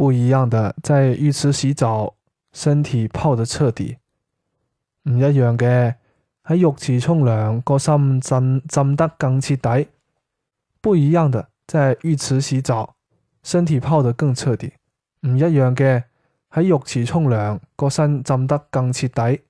不一樣的，在浴池洗澡，身體泡得徹底，唔一樣嘅。喺浴池沖涼，個身浸浸得更徹底。不一樣的，在浴池洗澡，身體泡得更徹底，唔一樣嘅。喺浴池沖涼，個身浸得更徹底。